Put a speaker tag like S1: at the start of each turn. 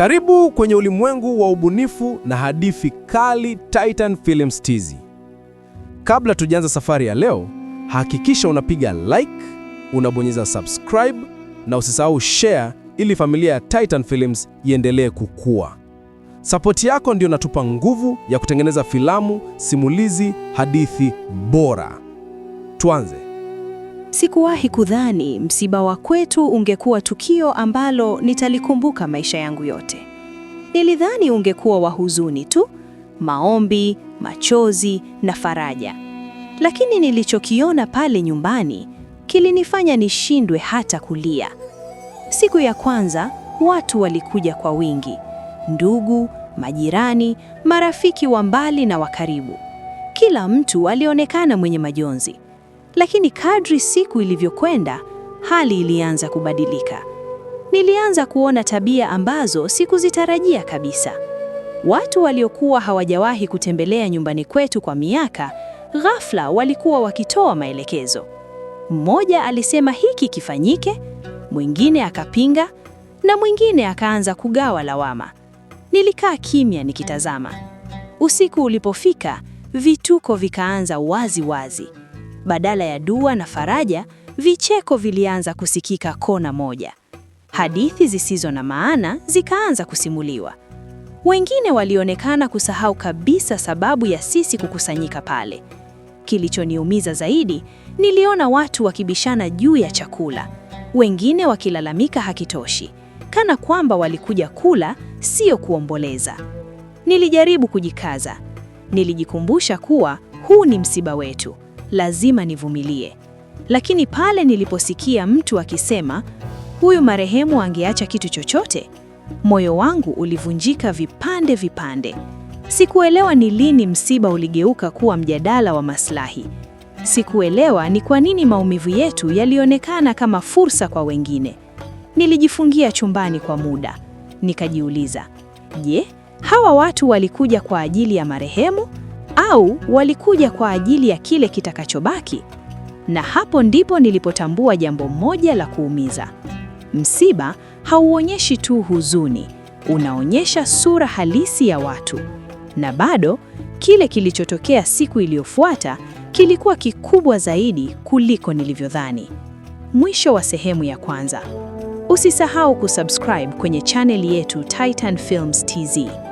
S1: Karibu kwenye ulimwengu wa ubunifu na hadithi kali titan Films TZ. Kabla tujaanza safari ya leo, hakikisha unapiga like, unabonyeza subscribe na usisahau share ili familia ya titan Films iendelee kukua. Sapoti yako ndio inatupa nguvu ya kutengeneza filamu, simulizi, hadithi bora. Tuanze.
S2: Sikuwahi kudhani msiba wa kwetu ungekuwa tukio ambalo nitalikumbuka maisha yangu yote. Nilidhani ungekuwa wa huzuni tu, maombi, machozi na faraja. Lakini nilichokiona pale nyumbani kilinifanya nishindwe hata kulia. Siku ya kwanza watu walikuja kwa wingi, ndugu, majirani, marafiki wa mbali na wa karibu. Kila mtu alionekana mwenye majonzi. Lakini kadri siku ilivyokwenda, hali ilianza kubadilika. Nilianza kuona tabia ambazo sikuzitarajia kabisa. Watu waliokuwa hawajawahi kutembelea nyumbani kwetu kwa miaka, ghafla walikuwa wakitoa maelekezo. Mmoja alisema hiki kifanyike, mwingine akapinga na mwingine akaanza kugawa lawama. Nilikaa kimya nikitazama. Usiku ulipofika, vituko vikaanza wazi wazi. Badala ya dua na faraja, vicheko vilianza kusikika kona moja. Hadithi zisizo na maana zikaanza kusimuliwa. Wengine walionekana kusahau kabisa sababu ya sisi kukusanyika pale. Kilichoniumiza zaidi, niliona watu wakibishana juu ya chakula, wengine wakilalamika hakitoshi, kana kwamba walikuja kula, sio kuomboleza. Nilijaribu kujikaza, nilijikumbusha kuwa huu ni msiba wetu lazima nivumilie. Lakini pale niliposikia mtu akisema huyu marehemu angeacha kitu chochote, moyo wangu ulivunjika vipande vipande. Sikuelewa ni lini msiba uligeuka kuwa mjadala wa maslahi. Sikuelewa ni kwa nini maumivu yetu yalionekana kama fursa kwa wengine. Nilijifungia chumbani kwa muda, nikajiuliza, je, hawa watu walikuja kwa ajili ya marehemu au walikuja kwa ajili ya kile kitakachobaki? Na hapo ndipo nilipotambua jambo moja la kuumiza. Msiba hauonyeshi tu huzuni, unaonyesha sura halisi ya watu. Na bado kile kilichotokea siku iliyofuata kilikuwa kikubwa zaidi kuliko nilivyodhani. Mwisho wa sehemu ya kwanza. Usisahau kusubscribe kwenye chaneli yetu titan Films TZ.